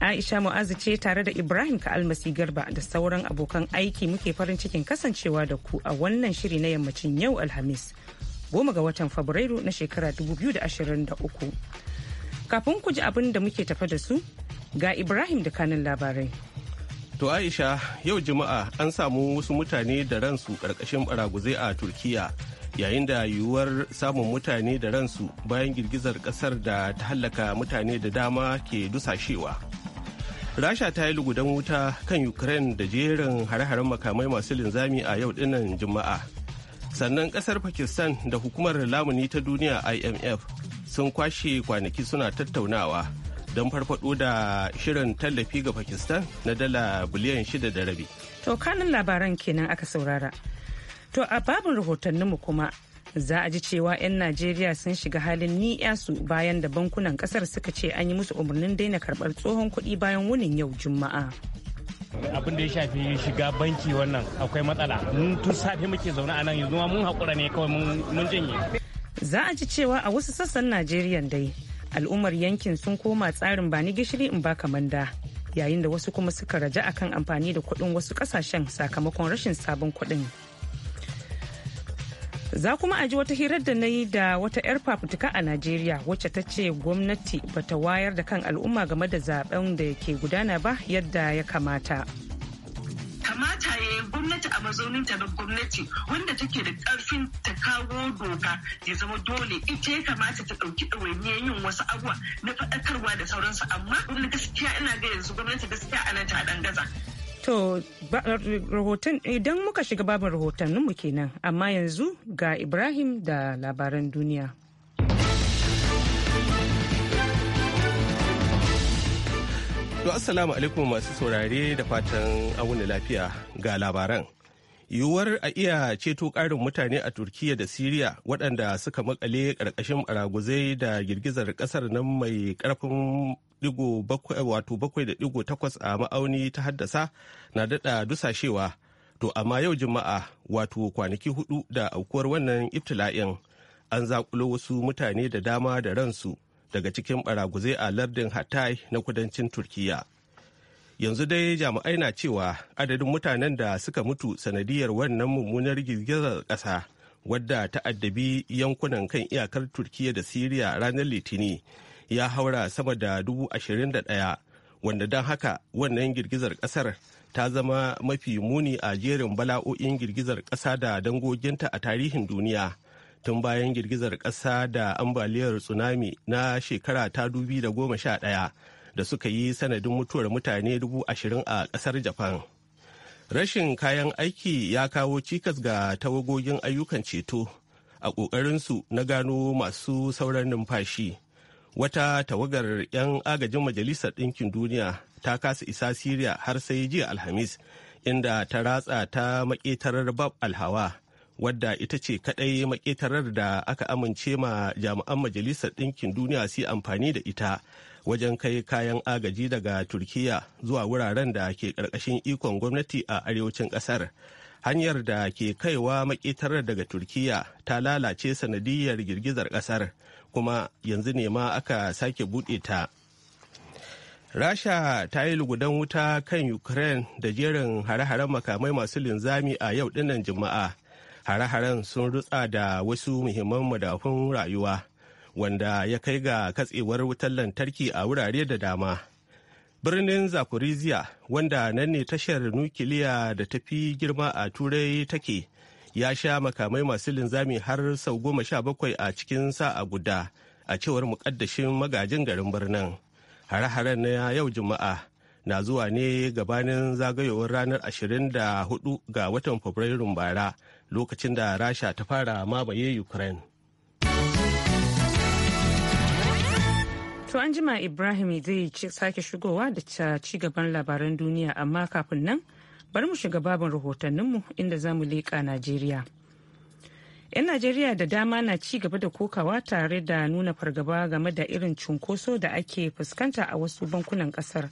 Aisha Mu'azu ce tare da Ibrahim ka almasi Garba da sauran abokan aiki muke farin cikin kasancewa da ku a wannan shiri na yammacin yau Alhamis. Goma ga watan Fabrairu na shekara 2023. Kafin ku ji abin da muke tafa da su, ga Ibrahim da kanin labarai. To Aisha, yau Juma'a an samu wasu mutane da ransu ƙarƙashin baraguzai a turkiyya yayin da yiwuwar samun mutane da ransu bayan girgizar kasar da ta hallaka mutane da dama ke dusashewa. rasha ta yi lugudan wuta kan ukraine da jerin hare-haren makamai masu linzami a yau dinnan juma'a sannan kasar pakistan da hukumar lamuni ta duniya imf sun kwashe kwanaki suna tattaunawa don farfado da shirin tallafi ga pakistan na dala biliyan shida da rabi to kanin labaran kenan aka saurara to a babin rahotanninmu kuma za a ji cewa 'yan najeriya sun shiga halin su bayan da bankunan kasar suka ce an yi musu umarnin daina karbar tsohon kuɗi bayan wunin yau juma'a abin da ya shafi shiga banki wannan akwai matsala mun tun safe muke zaune a nan yanzu ma mun haƙura ne kawai mun janye za a ji cewa a wasu sassan najeriya dai al'ummar yankin sun koma tsarin bani gishiri in ba kamanda yayin da wasu kuma suka raja akan amfani da kuɗin wasu ƙasashen sakamakon rashin sabon kuɗin. Za kuma aji wata hirar da na yi da wata 'yar fafutuka a Najeriya wacce ta ce gwamnati ba ta wayar da kan al'umma game da zaben da ke gudana ba yadda ya kamata. kamata ya yi gwamnati a mazaunin ta na gwamnati wanda take da karfin ta kawo doka ya zama dole ita ya kamata ta ɗauki ɗawainiyar yin wasu abubuwa na faɗakarwa da sauransu amma wani gaskiya ina ga yanzu gwamnati gaskiya ana ta gaza. To, rahoton idan muka shiga babin rahotanninmu kenan, amma yanzu ga Ibrahim da labaran duniya. To, Assalamu alaikum masu saurare da fatan auna lafiya ga labaran. Yiwuwar a iya ceto karin mutane a Turkiyya da Siriya waɗanda suka makale ƙarƙashin baraguzai da girgizar ƙasar nan mai ƙarfin 7.8 eh, bakwai da a ma'auni ta haddasa na daɗa dusashewa to amma yau juma'a wato kwanaki hudu da aukuwar wannan iftila'in an zakulo wasu mutane da dama da ransu daga cikin baraguzai a lardin hatay na kudancin turkiya yanzu dai jami'ai na cewa adadin mutanen da suka mutu sanadiyar wannan mummunar girgizar ƙasa wadda ta addabi yankunan kan iyakar turkiya da siriya ranar litini ya haura sama da dubu ashirin da ɗaya wanda don haka wannan girgizar ƙasar ta zama mafi muni a jerin bala'o'in girgizar ƙasa da dangoginta a tarihin duniya tun bayan girgizar ƙasa da ambaliyar tsunami na shekara ta dubi da goma sha ɗaya da suka yi sanadin mutuwar mutane dubu ashirin a ƙasar japan rashin kayan aiki ya kawo cikas ga tawagogin ayyukan ceto a ƙoƙarinsu na gano masu sauran numfashi. wata tawagar 'yan agajin majalisar ɗinkin duniya ta kasa isa siriya har sai jiya alhamis inda ta ratsa ta maƙetarar bab alhawa wadda ita ce kaɗai maƙetarar da aka amince ma jami'an majalisar ɗinkin duniya su amfani da ita wajen kai kayan agaji daga turkiya zuwa wuraren da ke ƙarƙashin ikon gwamnati a arewacin ƙasar. hanyar da ke kaiwa makitar daga turkiya ta lalace sanadiyar girgizar kasar kuma yanzu ne ma aka sake buɗe ta rasha ta yi lugudan wuta kan ukraine da jerin hare-haren makamai masu linzami a yau dinnan juma'a hare-haren sun rutsa da wasu muhimman madafun rayuwa wanda ya kai ga katsewar wutar lantarki a wurare da dama birnin zaporizhia wanda nan ne tashar nukiliya da ta fi girma a turai take ya sha makamai masu linzami har sau goma sha bakwai a cikin sa'a guda a cewar mukaddashin magajin garin birnin hare-haren na yau juma'a na zuwa ne gabanin zagayowar ranar 24 ga watan fabrairun bara lokacin da rasha ta fara mamaye ukraine To an jima Ibrahim zai sake shigowa da ci gaban labaran duniya amma kafin nan bari mu shiga babin rahotanninmu inda za mu leƙa Najeriya. 'Yan Najeriya da dama na ci gaba da kokawa tare da nuna fargaba game da irin cunkoso da ake fuskanta a wasu bankunan kasar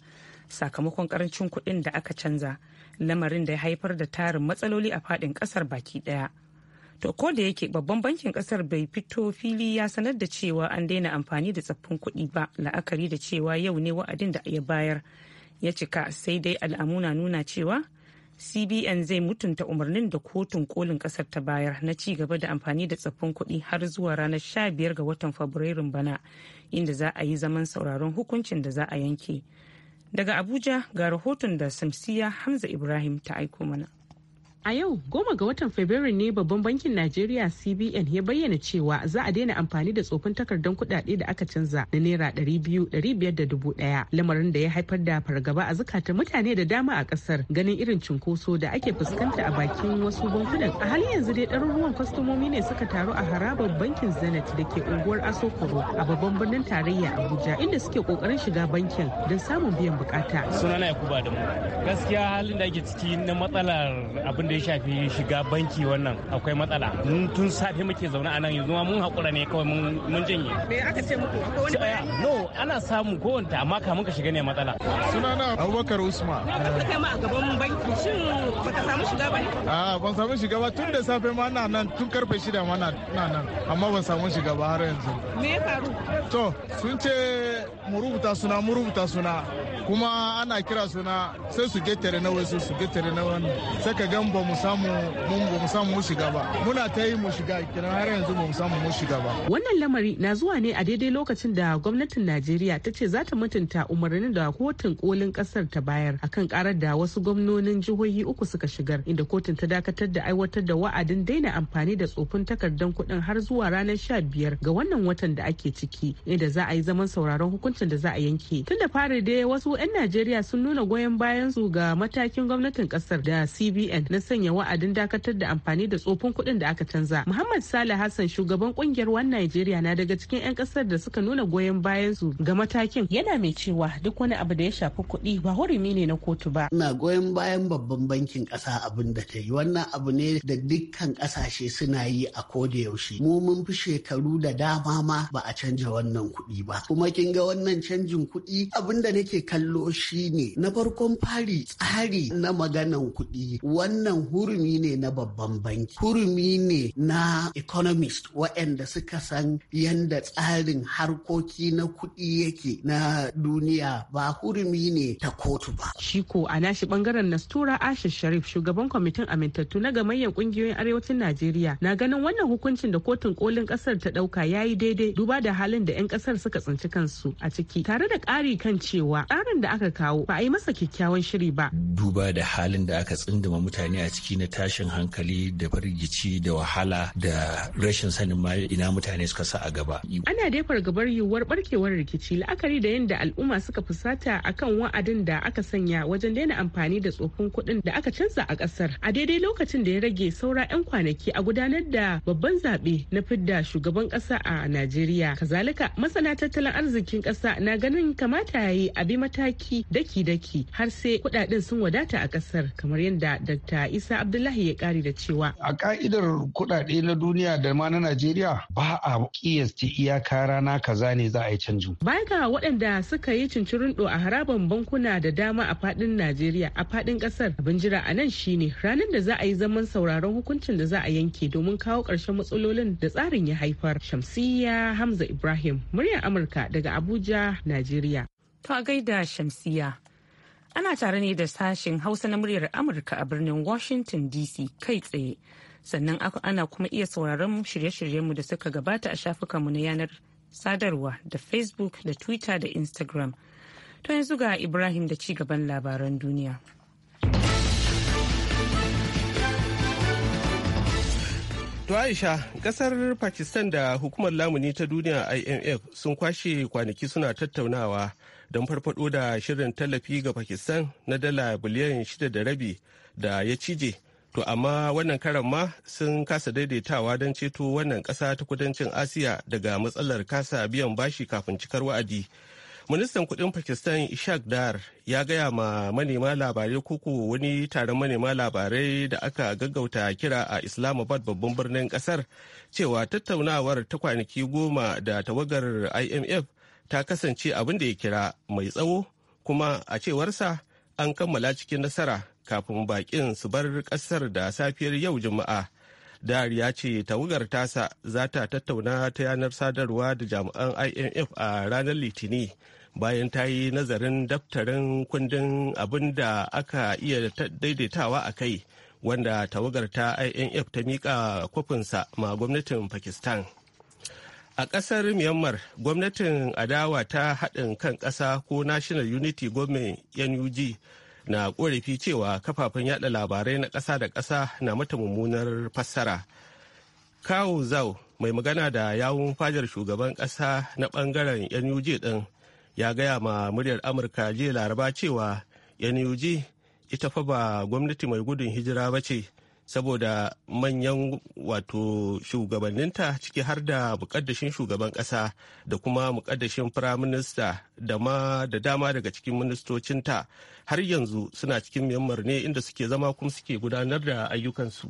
sakamakon karancin kuɗin da aka canza lamarin da ya haifar da tarin matsaloli a faɗin ƙasar baki ɗaya. to ko da yake babban bankin kasar bai fito fili ya sanar da cewa an daina amfani da tsaffin kuɗi ba la'akari da cewa yau ne wa'adin da ya bayar ya cika sai dai al'amuna nuna cewa cbn zai mutunta umarnin da kotun kolin kasar ta bayar na ci gaba da amfani da tsaffin kuɗi har zuwa ranar sha biyar ga watan fabrairun bana inda za a yi zaman sauraron hukuncin da za a yanke daga abuja ga rahoton da samsiya hamza ibrahim ta aiko mana A yau goma ga watan Fabrairu ne babban bankin Najeriya CBN ya bayyana cewa za a daina amfani da tsofin takardun kudade da aka canza na naira ɗari biyu ɗari biyar da dubu ɗaya lamarin da ya haifar da fargaba a zukatan mutane da dama a ƙasar ganin irin cunkoso da ake fuskanta a bakin wasu bankunan. A hali yanzu dai ɗaruruwan kwastomomi ne suka taru a harabar bankin zenit da ke unguwar Asokoro a babban birnin tarayya Abuja inda suke ƙoƙarin shiga bankin don samun biyan bukata. Sunana Yakuba mu. Gaskiya halin da ake ciki na matsalar abin da ya shafi shiga banki wannan akwai matsala mun tun safe muke zaune a nan yanzu ma mun haƙura ne kawai mun janye me aka ce muku akwai wani bayani no ana samu kowanne amma kamun ka shiga ne matsala sunana Abubakar Usman ka kai ma a gaban banki shin baka samu shiga ba ne a ban samu shiga ba tun da safe ma na nan tun karfe shida ma na nan amma ban samu shiga ba har yanzu me ya faru to sun ce mu rubuta suna mu rubuta suna kuma ana kira suna sai su getare na wasu su getare na wani sai ka gan ba mu samu mun ba mu samu mu shiga ba muna ta yi mu shiga kenan har yanzu ba mu samu mu shiga ba wannan lamari na zuwa ne a daidai lokacin da gwamnatin Najeriya ta ce za ta mutunta umarnin da kotun kolin kasar ta bayar akan karar da wasu gwamnonin jihohi uku suka shigar inda kotun ta dakatar da aiwatar da wa'adin daina amfani da tsofin takardar kuɗin har zuwa ranar sha biyar ga wannan watan da ake ciki inda za a yi zaman sauraron hukuncin da za a yanke tun da fari dai wasu 'yan Najeriya sun nuna goyon bayan su ga matakin gwamnatin kasar da CBN na sanya wa'adin dakatar da amfani da tsofin kuɗin da aka canza. Muhammad sale Hassan shugaban kungiyar One Nigeria na daga cikin 'yan ƙasar da suka nuna goyon bayan su ga matakin yana mai cewa duk wani abu da ya shafi kuɗi ba hurumi ne na kotu ba. Ina goyon bayan babban bankin ƙasa abin da ta yi wannan abu ne da dukkan ƙasashe suna yi a ko da yaushe. Mu mun fi shekaru da dama ma ba a canja wannan kuɗi ba. Kuma kin ga wannan canjin kuɗi abin da nake kallo shine na farkon fari tsari na maganan kuɗi wannan wannan hurumi ne na babban banki hurumi ne na economist waɗanda suka san yadda tsarin harkoki na kuɗi yake na duniya ba hurumi ne ta kotu ba shi ko a nashi bangaren nastura ashish sharif shugaban kwamitin amintattu na gamayyar kungiyoyin arewacin najeriya na ganin wannan hukuncin da kotun kolin ƙasar ta ɗauka ya yi daidai duba da halin da 'yan ƙasar suka tsinci kansu a ciki tare da ƙari kan cewa tsarin da aka kawo ba a yi masa kyakkyawan shiri ba duba da halin da aka tsinduma mutane a a ciki na tashin hankali da firgici da wahala da rashin sanin ma ina mutane suka sa a gaba. Ana dai fargabar yiwuwar barkewar rikici la'akari da yadda al'umma suka fusata kan wa'adin da aka sanya wajen daina amfani da tsofin kuɗin da aka canza a ƙasar. A daidai lokacin da ya rage saura 'yan kwanaki a gudanar da babban zaɓe na fidda shugaban ƙasa a Najeriya. Kazalika masana tattalin arzikin ƙasa na ganin kamata ya yi a bi mataki daki-daki har sai kuɗaɗen sun wadata a ƙasar kamar yadda Dr. isa abdullahi ya kari da cewa a ka'idar kuɗaɗe na duniya da ma na najeriya ba a kiyasta iyaka rana kaza ne za a yi canjin bayan ga waɗanda suka yi cincirindo a harabar bankuna da dama a fadin najeriya a fadin ƙasar abin jira a nan shine ranar da za a yi zaman sauraron hukuncin da za a yanke domin kawo ƙarshen matsalolin da tsarin ya haifar shamsiya hamza ibrahim muryar amurka daga abuja najeriya ta gaida shamsiya Ana tare ne da sashen Hausa na muryar Amurka a birnin Washington DC kai tsaye. Sannan ana kuma iya sauraron shirye-shiryenmu da suka gabata a shafukanmu na yanar sadarwa da Facebook da Twitter da Instagram. To yanzu ga Ibrahim da ci gaban labaran duniya. To Aisha, kasar Pakistan da hukumar lamuni ta duniya IMF sun kwashe kwanaki suna tattaunawa don farfado da shirin tallafi ga pakistan na dala biliyan shida da rabi da ya cije to amma wannan karan ma sun kasa daidaitawa don ceto wannan kasa ta kudancin asiya daga matsalar kasa biyan bashi kafin cikar wa'adi ministan kudin pakistan ishaq dar ya gaya ma manema labarai kuku wani taron manema labarai da aka gaggauta kira a islamabad babban birnin kasar cewa tattaunawar ta kwanaki goma da tawagar imf ta kasance abin da ya kira mai tsawo kuma a cewarsa an kammala cikin nasara kafin bakin su bar kasar da safiyar yau juma'a dar ya ce tawagar tasa za ta tattauna ta yanar sadarwa da jami'an imf a ranar litini bayan ta yi nazarin daftarin kundin abin da aka iya daidaitawa a kai wanda tawagar ta imf ta miƙa kwafinsa ma gwamnatin pakistan A ƙasar Myanmar, gwamnatin adawa ta haɗin kan ƙasa ko National Unity Government NUG na ƙorafi cewa kafafen yada labarai na ƙasa da ƙasa na mata mummunar fassara. Kawo Zau mai magana da yawun fajar shugaban ƙasa na ɓangaren NUG ɗin ya gaya ma muryar Amurka jiya laraba cewa NUG ita fa ba gwamnati mai gudun hijira ba ce. saboda manyan wato shugabanninta ciki har da mukaddashin shugaban kasa da kuma mukaddashin firaminista da ma da dama daga cikin ministocinta har yanzu suna cikin myanmar ne inda suke zama kuma suke gudanar da ayyukansu.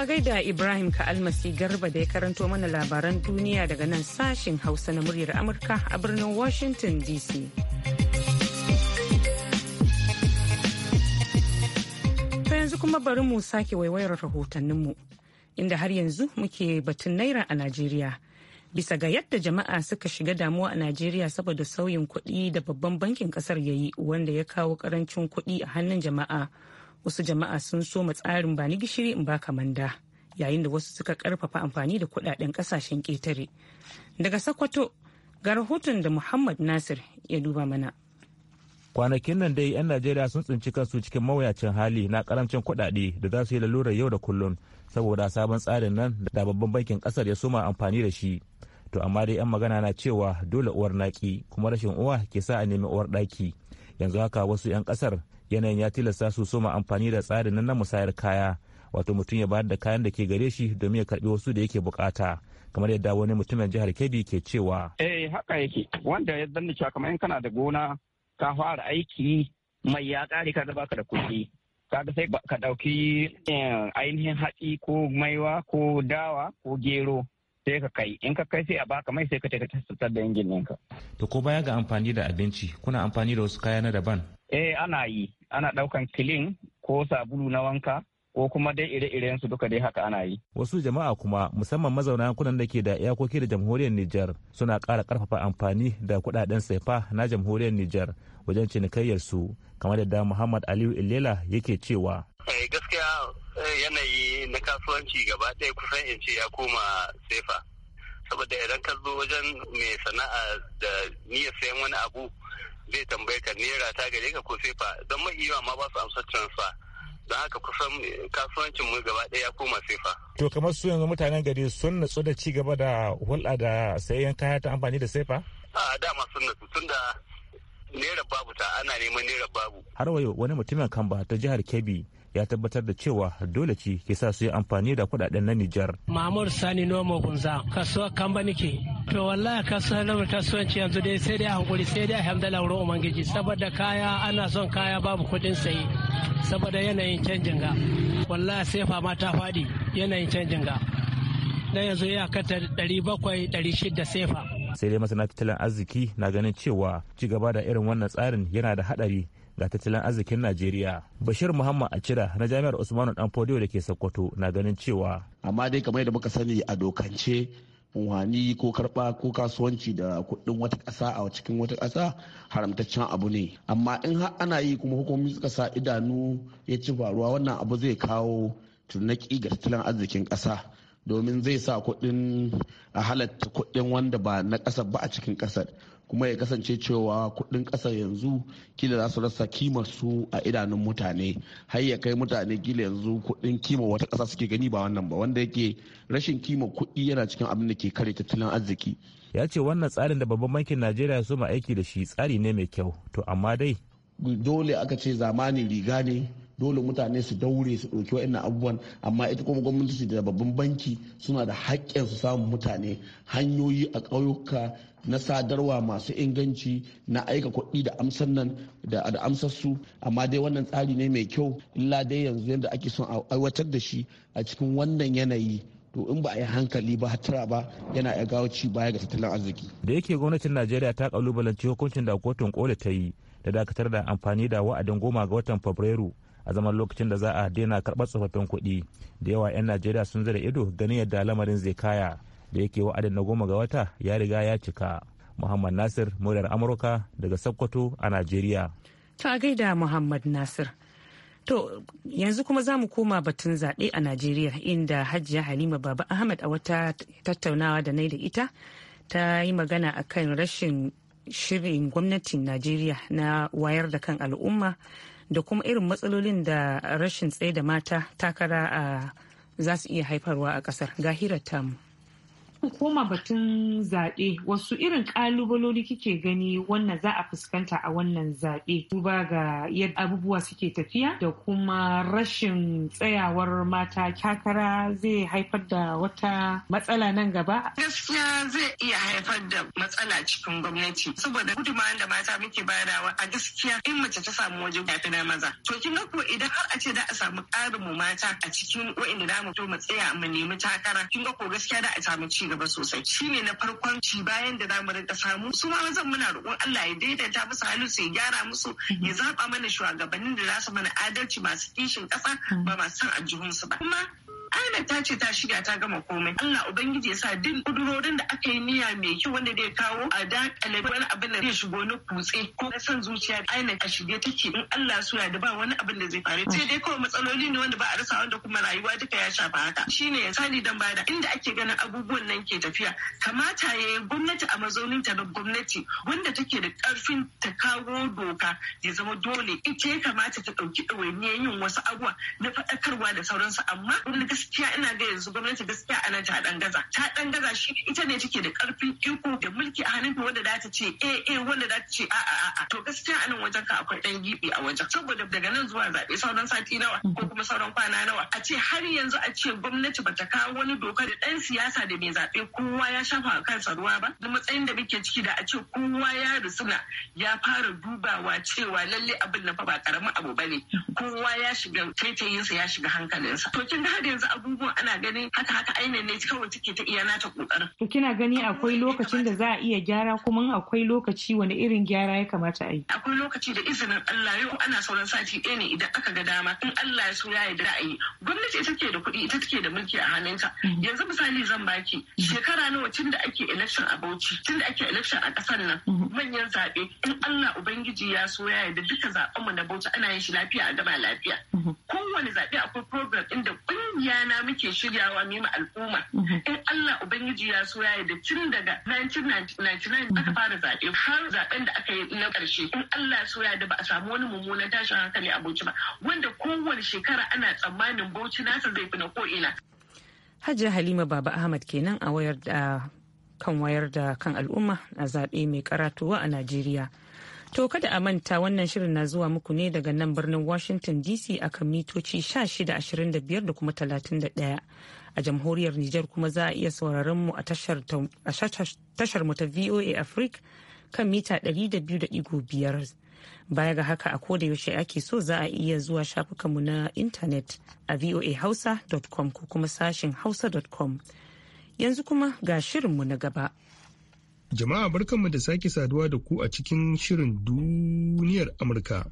a gaida Ibrahim Ka'almasi Garba da ya karanto mana labaran duniya daga nan sashen Hausa na muryar Amurka a birnin Washington DC. ta yanzu kuma bari mu sake waiwayar rahotanninmu inda har yanzu muke batun naira a Najeriya. bisa ga yadda jama'a suka shiga damuwa a najeriya saboda sauyin kuɗi da babban bankin kasar ya yi wanda ya kawo karancin kuɗi a hannun jama'a wasu jama'a sun soma tsarin ba ni gishiri in baka manda yayin da wasu suka karfafa amfani da kudaden kasashen ketare daga sakwato ga rahoton da muhammad nasir ya duba mana kwanakin nan dai 'yan najeriya sun tsinci kansu cikin mawuyacin hali na karamcin kudade da za su yi lalurar yau da kullum saboda sabon tsarin nan da babban bankin kasar ya suma amfani da shi to amma dai 'yan magana na cewa dole uwar naki kuma rashin uwa ke sa a nemi uwar ɗaki yanzu haka wasu 'yan kasar. yanayin ya tilasta su soma amfani da tsarin nan na musayar kaya wato mutum ya bayar da kayan da ke gare shi domin ya karbi wasu da yake bukata kamar yadda wani mutumin jihar kebbi ke cewa eh haka yake wanda ya zanna cewa kamar in kana da gona ka fara aiki mai ya kare ka baka da kuɗi kaga sai ka ɗauki eh, ainihin hatsi ko maiwa ko dawa ko gero sai ka kai in ka kai sai a baka mai sai ka tafi tattar da injin to ko baya ga amfani da abinci kuna amfani da wasu kaya na daban eh ana yi ana ɗaukan kilin ko sabulu na wanka ko kuma dai ire-iren su duka dai haka ana yi. Wasu jama'a kuma musamman mazauna yankunan da ke da iyakoki da jamhuriyar Nijar suna ƙara ƙarfafa amfani da kuɗaɗen saifa na jamhuriyar Nijar wajen cinikayyar su kamar yadda Muhammad Aliyu Ilela yake cewa. Eh, gaskiya eh, yanayi na kasuwanci gaba ɗaya kusan in ce ya koma saifa. Saboda idan ka zo wajen mai sana'a da niyyar sayan wani abu zai tambaye ka naira ta gare ka ko sefa don mai yawa ma ba su amsa transfer don haka kusan kasuwancin mu gaba ɗaya koma sefa. To kamar su yanzu mutanen gari sun natsu da ci gaba da hulɗa da sayan kaya ta amfani da sefa? A dama sun natsu tun da naira babu ta ana neman naira babu. Har wayo wani mutumin kan ba ta jihar Kebbi ya tabbatar da cewa dole ce ke sa su yi amfani da kudaden na Nijar. Mahmud Sani Noma Gunza kasuwa Kamba nike. To wallahi kasuwar namu kasuwanci yanzu dai sai dai hankuri sai dai alhamdulillah wurin Ubangiji saboda kaya ana son kaya babu kuɗin sayi saboda yanayin canjin ga. Wallahi sai fama ta faɗi yanayin canjin ga. Na yanzu ya kata ɗari bakwai ɗari shida sefa. Sai dai masana tattalin arziki na ganin cewa ci gaba da irin wannan tsarin yana da haɗari ga tattalin arzikin Najeriya. Bashir Muhammad Acira na Jami'ar Usmanu Danfodiyo da ke Sokoto na ganin cewa. Amma dai kamar yadda muka sani a dokance wani ko karba ko kasuwanci da kuɗin wata ƙasa a cikin wata ƙasa haramtaccen abu ne amma in har ana yi kuma hukumomi suka sa idanu ya ci faruwa wannan abu zai kawo tunaki ga tattalin arzikin ƙasa domin zai sa kuɗin a halatta kuɗin wanda ba na ƙasa ba a cikin ƙasar kuma ya kasance cewa kuɗin kasa yanzu kila za su rasa kimar su a idanun mutane har ya kai mutane kila yanzu kuɗin kima wata ƙasa suke gani ba wannan ba wanda yake rashin kima kuɗi yana cikin abin da ke kare tattalin arziki ya ce wannan tsarin da babban bankin najeriya so ma aiki da shi tsari ne mai kyau to amma dai dole aka ce zamani riga ne dole mutane su daure su ɗauki wa'annan abubuwan amma ita kuma gwamnati da babban banki suna da haƙƙin su samun mutane hanyoyi a ƙauyuka na sadarwa masu inganci na aika kuɗi da amsan nan da amsar su amma dai wannan tsari ne mai kyau illa dai yanzu yadda ake son a aiwatar da shi a cikin wannan yanayi to in ba a yi hankali ba hatara ba yana ya gawo ci baya ga tattalin arziki da yake gwamnatin najeriya ta kalubalanci hukuncin da kotun kola ta yi da dakatar da amfani da wa'adin goma ga watan fabrairu a zaman lokacin da za a daina karɓar tsofaffin kuɗi da yawa 'yan najeriya sun zira ido ganin yadda lamarin zai kaya da yake wa'adin na goma ga wata ya riga ya cika muhammad nasir muryar amurka daga sokoto a najeriya ta gaida muhammad nasir To yanzu kuma za mu koma batun zaɓe a Najeriya inda Hajiya Halima Baba Ahmad a wata tattaunawa da na da ita ta yi magana akan rashin shirin gwamnatin Najeriya na wayar da kan al'umma da kuma irin matsalolin da rashin tsaye da mata takara a ah, za su iya haifarwa a kasar ga hirar tamu. koma batun zaɓe wasu irin ƙalubaloli kike gani wannan za a fuskanta a wannan zaɓe duba ga yadda abubuwa suke tafiya da kuma rashin tsayawar mata takara zai haifar da wata matsala nan gaba. Gaskiya zai iya haifar da matsala cikin gwamnati saboda gudunmawar da mata muke bayarwa a gaskiya in mace ta samu waje ya na maza. To kin ga ko idan har a ce za a samu ƙarin mu mata a cikin wa'inda za to mu tsaya mu nemi takara kin ga ko gaskiya da a samu ci gaba sosai shi ne na farkon ci bayan da zamu rinka samu su ma mazan muna roƙon Allah ya daidaita musu halin su ya gyara musu mhm. ya zaba mana shugabannin da za su mana adalci masu kishin kasa mhm. ba masu san su ba kuma Ahmed ta ce ta shiga ta gama komai. Allah Ubangiji ya sa din kudurorin da aka yi niyya mai kyau wanda zai kawo a dakale wani abin da zai shigo na kutse ko na son zuciya da aina a shige take in Allah suya da ba wani abin da zai faru. Mhm. Sai dai kawai matsaloli ne wanda ba a rasa wanda kuma rayuwa duk shafa haka shine sani dan bada inda ake ganin abubuwan nan ke tafiya kamata ya yi gwamnati a mazaunin ta na gwamnati wanda take da karfin ta kawo doka ya zama dole ita ya kamata ta ɗauki ɗawainiyar yin wasu abubuwa na faɗakarwa da sauransu amma wani gaskiya ina ga yanzu gwamnati gaskiya ana ta ɗan gaza ta ɗan gaza shi ita ne take da karfin iko da mulki a hannun wanda za ta ce eh eh wanda za ta ce a a a to gaskiya anan wajen ka akwai ɗan gibi a wajen saboda daga nan zuwa zaɓe sauran sati nawa ko mm-hmm. kuma sauran kwana nawa a ce har yanzu a ce gwamnati bata kawo wani doka da ɗan siyasa da mai zaɓe kowa ya shafa kansa ruwa ba da matsayin da muke ciki da a ce kowa ya risuna ya fara dubawa cewa lalle abin na fa ba karamin abu bane kowa ya shiga taitayinsa ya shiga hankalinsa to kin ga har yanzu abubuwan ana ganin haka haka ainihin ne kawai take ta iya nata kokarin to kina gani akwai lokacin da za a iya gyara kuma akwai lokaci wani irin gyara ya kamata a yi akwai lokaci da izinin Allah yau ana sauran sati ɗaya ne idan aka ga dama in Allah ya so ya yarda a yi gwamnati take da kuɗi ita take da mulki a hannunta mm. yanzu misali zan baki mm. shekara nawa tun da ake election a Bauchi tun da ake election a ƙasar nan mm. manyan zaɓe in Allah ubangiji ya so ya yarda duka zaɓen mu na Bauchi ana yin shi lafiya a gaba lafiya ko kowane zaɓe akwai program inda ƙungiya na muke shiryawa mu al'umma. Mhm. In Allah Ubangiji ya so ya da tun daga 1999 aka fara zaɓe har zaɓen da aka yi na ƙarshe. In Allah so ya da ba a samu wani mummunan tashin hankali a Bauchi ba wanda kowane shekara ana tsammanin Bauchi nasa zai fi na ko'ina. hajji Halima Baba Ahmad kenan a wayar da kan wayar da kan al'umma a zaɓe mai karatuwa a Najeriya. To kada a manta wannan shirin na zuwa muku ne daga nan birnin Washington DC a kan mitoci 1625 da kuma 31. A jamhuriyar Nijar kuma za a iya sauraron mu a tashar mu ta VOA Africa kan mita 200.5. Baya ga haka a koda yaushe ake so za a iya zuwa shafukanmu na intanet a voahausa.com ko kuma sashin hausa.com. Yanzu kuma ga shirinmu na gaba. Jama'a barkanmu da sake saduwa da ku a cikin shirin duniyar Amurka.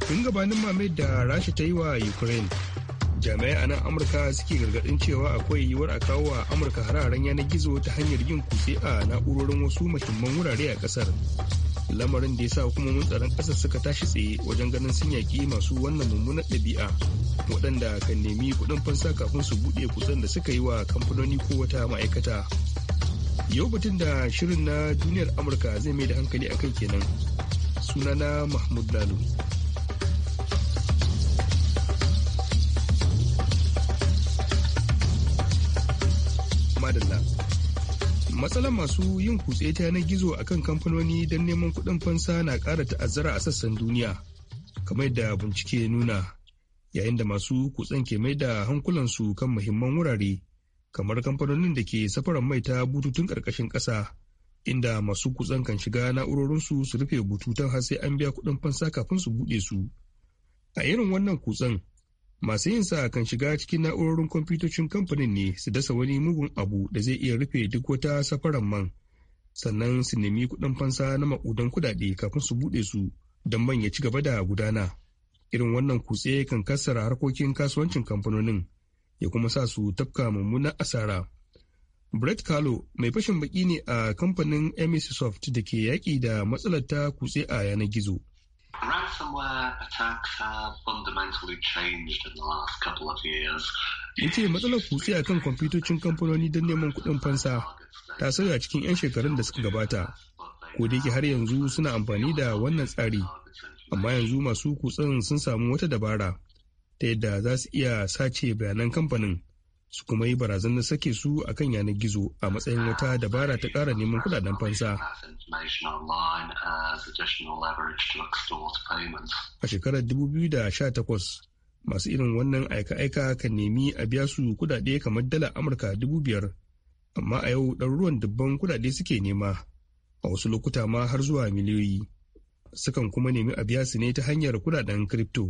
Tun gabanin mamayar da Rasha ta yi wa Ukraine. jami'ai a nan amurka suke gargadin cewa akwai yiwuwar a kawo wa amurka hararen yanar gizo ta hanyar yin kutse a na'urorin wasu muhimman wurare a kasar lamarin da ya sa hukumomin tsaron ƙasa suka tashi tsaye wajen ganin sun yaƙi masu wannan mummunan ɗabi'a waɗanda kan nemi kuɗin fansa kafin su buɗe kutsen da suka yi wa kamfanoni ko wata ma'aikata yau batun da shirin na duniyar amurka zai mai da hankali akan kenan sunana mahmud lalu matsalar masu yin kutse ta yanar gizo a kan kamfanoni don neman kuɗin fansa na ƙara ta'azzara a sassan duniya kamar da bincike ya nuna yayin da masu kutsen ke mai da hankulansu kan muhimman wurare kamar kamfanonin da ke safaran mai ta bututun ƙarƙashin ƙasa inda masu kutsen kan shiga na'urorinsu su rufe bututun har sai an biya kuɗin fansa kafin su buɗe su a irin wannan kutsen masu yin sa kan shiga cikin na'urorin kwamfutocin kamfanin ne su dasa wani mugun abu da zai iya rufe duk wata safaran man sannan su nemi kuɗin fansa na maƙudan kuɗaɗe kafin su buɗe su don man ya ci gaba da gudana irin wannan kutse kan kassara harkokin kasuwancin kamfanonin ya kuma sa su tafka mummunan asara brett carlo mai fashin baki ne a kamfanin msoft da ke yaƙi da matsalar ta kutse a yanar gizo In ce matsalar kutse a kan kwamfutocin kamfanoni don neman kuɗin fansa ta sauya cikin 'yan shekarun da suka gabata, ko da yake har yanzu suna amfani da wannan tsari, amma yanzu masu kutsen sun samu wata dabara ta yadda za su iya sace bayanan kamfanin su kuma yi barazanar sake su a kan yanar gizo a matsayin wata dabara ta kara neman kudaden fansa. A shekarar 2018 masu irin wannan aika-aika kan nemi a biya su kudade kamar dala Amurka dubu biyar, amma a yau ɗaruruwan dubban kudade suke nema, a wasu lokuta ma har zuwa miliyoyi. Sukan kuma nemi a biya su ne ta hanyar kudaden kripto,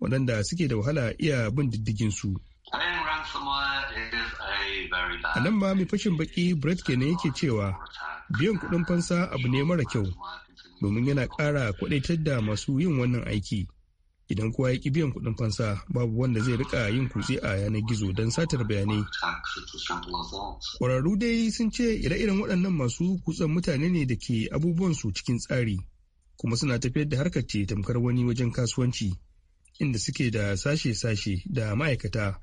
waɗanda suke da wahala iya bin diddigin su. A nan ma mai fashin baki Brett kenan yake cewa biyan kuɗin fansa abu ne mara kyau domin yana ƙara kwaɗaitar da masu yin wannan aiki. Idan kowa ya ƙi biyan kuɗin fansa babu wanda zai rika yin kutse a yanar gizo don satar bayanai. Ƙwararru dai sun ce ire-iren waɗannan masu kutsen mutane ne da ke abubuwansu cikin tsari kuma suna tafiyar da harkar ce tamkar wani wajen kasuwanci inda suke da sashe-sashe da ma'aikata.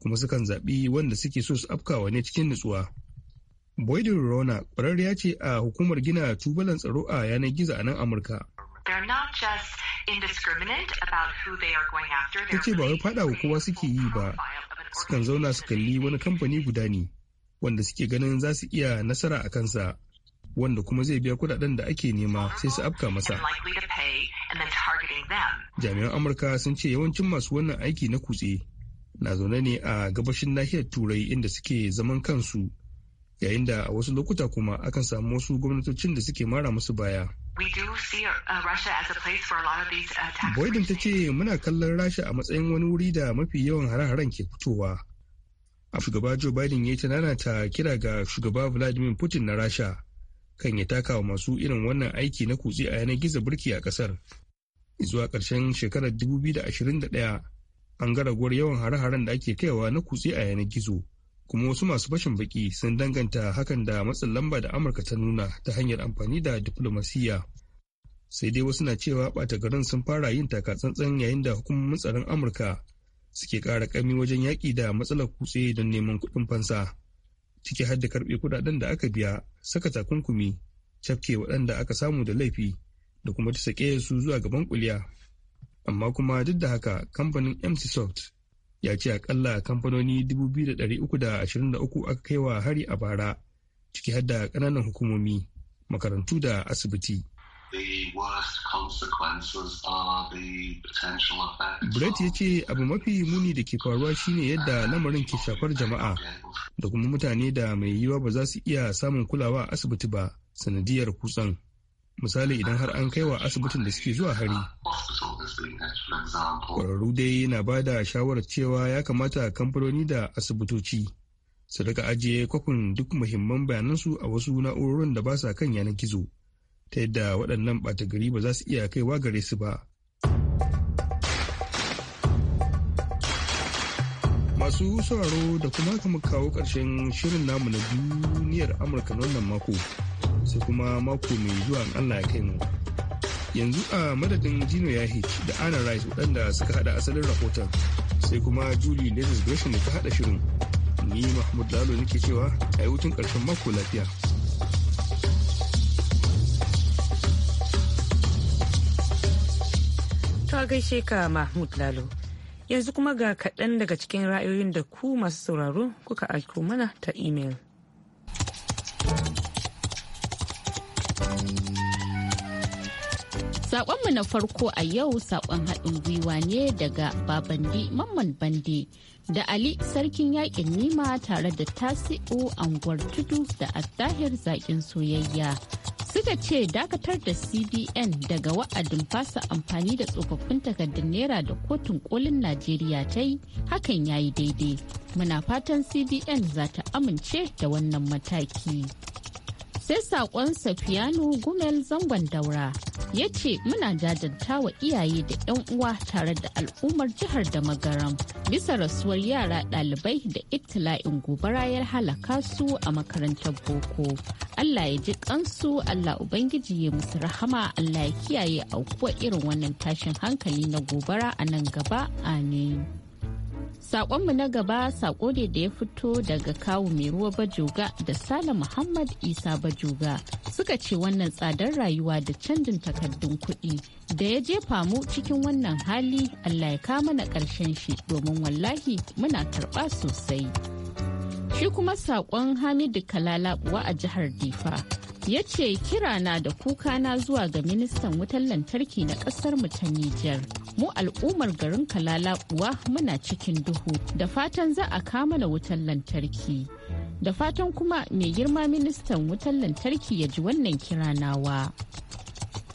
kuma sukan zaɓi wanda suke so su afkawa ne cikin nutsuwa. Boydin Rona ƙwararriya ce a hukumar gina tubalan tsaro a yanar gizo a nan Amurka. Ta ce ba wai faɗawa kowa suke yi ba, sukan zauna su kalli wani kamfani guda ne, wanda suke ganin za su iya nasara a kansa, wanda kuma zai biya kudaden da ake nema sai su afka masa. Jami'an Amurka sun ce yawancin masu wannan aiki na kutse na zaune ne a gabashin nahiyar turai inda suke zaman kansu yayin da a wasu lokuta kuma akan samu wasu gwamnatocin da suke mara musu baya. Uh, uh, Boydin ta ce muna kallon Rasha a matsayin wani wuri da mafi yawan hare-haren ke fitowa. A shugaba Joe Biden ya yi ta kira ga shugaba Vladimir Putin na Rasha kan ya taka wa masu irin wannan aiki na kutse a yanar gizo birki a kasar. Zuwa ƙarshen shekarar 2021 an ga raguwar yawan hare-haren da ake kaiwa na kutse a yanar gizo kuma wasu masu fashin baki sun danganta hakan da matsin lamba da amurka ta nuna ta hanyar amfani da diflomasiyya sai dai wasu na cewa ɓata garin sun fara yin takatsantsan yayin da hukumomin tsaron amurka suke ƙara ƙami wajen yaƙi da matsalar kutse don neman kuɗin fansa ciki har da karɓe kuɗaɗen da aka biya saka takunkumi cafke waɗanda aka samu da laifi da kuma ta sake su zuwa gaban kuliya amma kuma duk da haka kamfanin mcsoft ya ce akalla kamfanoni 2,323 aka kai wa hari a bara ciki har kananan hukumomi makarantu da asibiti Brett ya ce abu mafi muni da ke faruwa shine yadda lamarin ke shafar jama'a da kuma mutane da mai yiwuwa ba za su iya samun kulawa a asibiti ba sanadiyar kutsan. misali idan har an kai wa asibitin da suke zuwa hari ƙwararru dai na ba da shawarar cewa ya kamata kamfanoni da asibitoci su daga ajiye kwafin duk muhimman bayanansu a wasu na'urorin da ba sa kan yanar gizo ta yadda waɗannan ɓata gari ba za su iya kaiwa gare su ba masu sauraro da kuma kama kawo ƙarshen shirin namu na duniyar amurka wannan mako sai kuma mako mai zuwa Allah ya kai mu. Yanzu a madadin Gino Yahi da Anna Rice waɗanda suka haɗa asalin rahoton sai kuma Julie Lewis Gresham ta haɗa shirin. Ni Mahmud Lalo nake cewa a yi hutun ƙarshen mako lafiya. Ta gaishe ka Mahmud Lalo. Yanzu kuma ga kaɗan daga cikin ra'ayoyin da ku masu sauraro kuka aiko mana ta imel. saƙonmu na farko a yau saƙon haɗin gwiwa ne daga Babandi Mamman Bandi da Ali Sarkin Yaƙin Nima tare da Tasi'u Anguwar Tudu da Attahir Zaƙin Soyayya. Suka ce dakatar da CBN daga wa'adin fasa amfani da tsofaffin takardun Naira da Kotun Kolin Najeriya ta yi hakan ya yi daidai. Muna fatan CBN za ta amince da wannan mataki. sai sakon safiyanu gumel zangon daura ya ce muna jajanta wa iyaye da 'yan uwa tare da al'ummar jihar da magaram bisa rasuwar yara ɗalibai da itila'in gobara ya halaka su a makarantar boko allah ya ji kansu allah ubangiji ya musu rahama allah ya kiyaye aukuwa irin wannan tashin hankali na gobara a nan gaba amin Sakonmu na gaba sako ne da ya fito daga kawu mai ruwa bajoga da Sale Muhammad Isa bajoga suka ce wannan tsadar rayuwa da canjin takardun kuɗi da ya jefa mu cikin wannan hali Allah ya kama na ƙarshen shi domin wallahi muna karɓa sosai. Shi kuma saƙon Hamidu Kalalabuwa a jihar Difa. ya ce kirana da kukana zuwa ga ministan wutar lantarki na kasar mu ta Nijar. Mu al'ummar garin Kalala uwa muna cikin duhu da fatan za a kama na wutar lantarki. Da fatan kuma mai girma ministan wutar lantarki ya ji wannan nawa?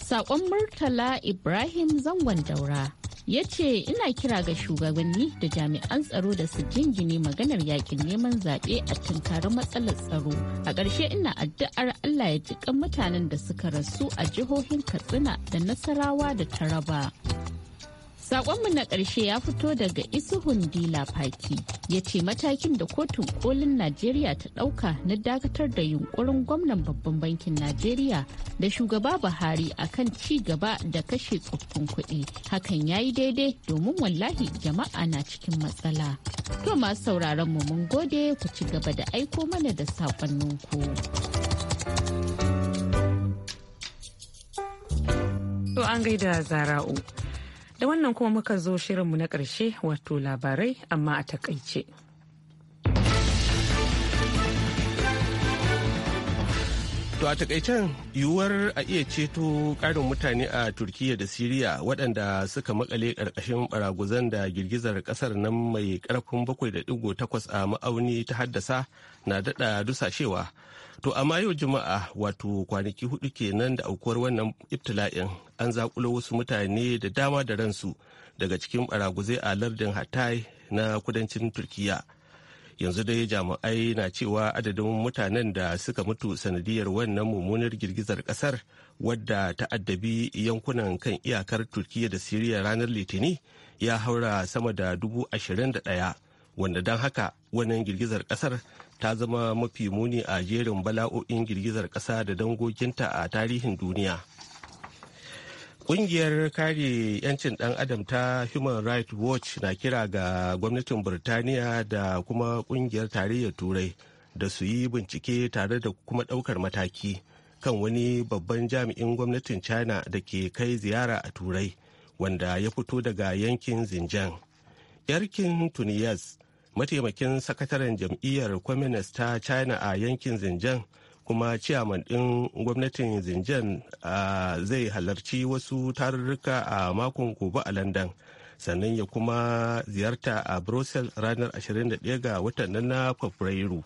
Saƙon Murtala Ibrahim Zangon Daura ya ce ina kira ga shugabanni da jami'an tsaro da su jingine maganar yakin neman zaɓe a tunkarar matsalar tsaro a ƙarshe ina addu'ar allah ya jiƙan mutanen da suka rasu a jihohin katsina da nasarawa da taraba Sakonmu na ƙarshe ya fito daga Isuhun Dila Faki ya ce matakin da kotun kolin Najeriya ta ɗauka na dakatar da yunkurin gwamnan babban bankin Najeriya da shugaba Buhari akan ci gaba da kashe tsoffin kuɗi. Hakan ya yi daidai domin wallahi jama'a na cikin matsala. To masu mu mun gode ku ci gaba da aiko mana da saƙonninku. To an gaida zara'u. Da wannan kuma muka zo shirinmu na ƙarshe wato labarai amma a takaice. To a takaicen yiwuwar a iya ceto ƙarin mutane a Turkiyya da Siriya waɗanda suka makale ƙarƙashin baraguzan da girgizar ƙasar nan mai ƙarfin 7.8 a ma'auni ta haddasa na daɗa dusashewa To amma yau Juma'a wato kwanaki hudu kenan da aukuwar wannan iftila'in an zakulo wasu mutane da dama da ransu daga cikin baraguzai a lardin Hatay na kudancin Turkiyya, Yanzu dai jami'ai na cewa adadin mutanen da suka mutu sanadiyar wannan mummunar girgizar kasar wadda ta addabi yankunan kan iyakar Turkiya da Siriya ranar Litini ya haura sama da dubu ashirin da ɗaya wanda don haka wannan girgizar kasar ta zama mafi muni a jerin bala'o'in girgizar ƙasa da dangoginta a tarihin duniya. Ƙungiyar kare 'yancin ɗan adam ta Human Rights Watch na kira ga gwamnatin Burtaniya da kuma ƙungiyar tarayyar Turai da su yi bincike tare da kuma ɗaukar mataki kan wani babban jami'in gwamnatin China da ke kai ziyara a Turai wanda ya fito daga yankin Xinjiang. Yarkin Tunis mataimakin sakataren jam'iyyar communist ta china a yankin zinjan kuma ciyaman ɗin gwamnatin zinjan zai halarci wasu tarurruka a makon gobe a london sannan ya kuma ziyarta a brussels ranar 21 ga watan nan na fabrairu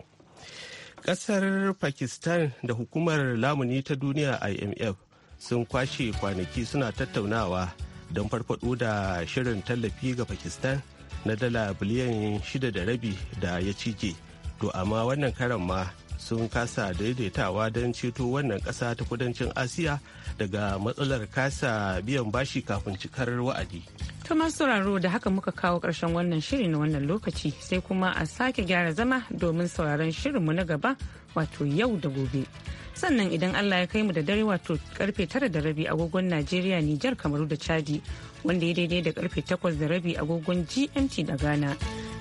ƙasar pakistan da hukumar lamuni ta duniya imf sun kwashe kwanaki suna tattaunawa don farfado da shirin tallafi ga pakistan na dala biliyan shida da rabi da ya cije to amma wannan karan ma sun kasa daidaitawa don ceto wannan kasa ta kudancin asiya daga matsalar kasa biyan bashi kafin cikar wa'adi to sauraro da haka muka kawo karshen wannan shiri na wannan lokaci sai kuma a sake gyara zama domin sauraron shirinmu na gaba wato yau da gobe sannan idan allah ya kai mu da dare wato karfe tara da rabi agogon najeriya nijar kamaru da chadi wanda ya daidai da karfe takwas da rabi agogon GMT da Ghana.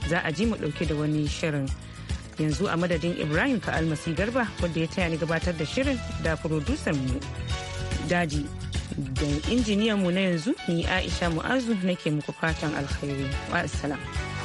Za a ji mu dauke da wani shirin. Yanzu a madadin Ibrahim ka almasi garba wanda ya taya ni gabatar da shirin da furodusan mu. Daji da injiniyan mu na yanzu ni Aisha Mu'azu nake muku fatan alkhairi. Wa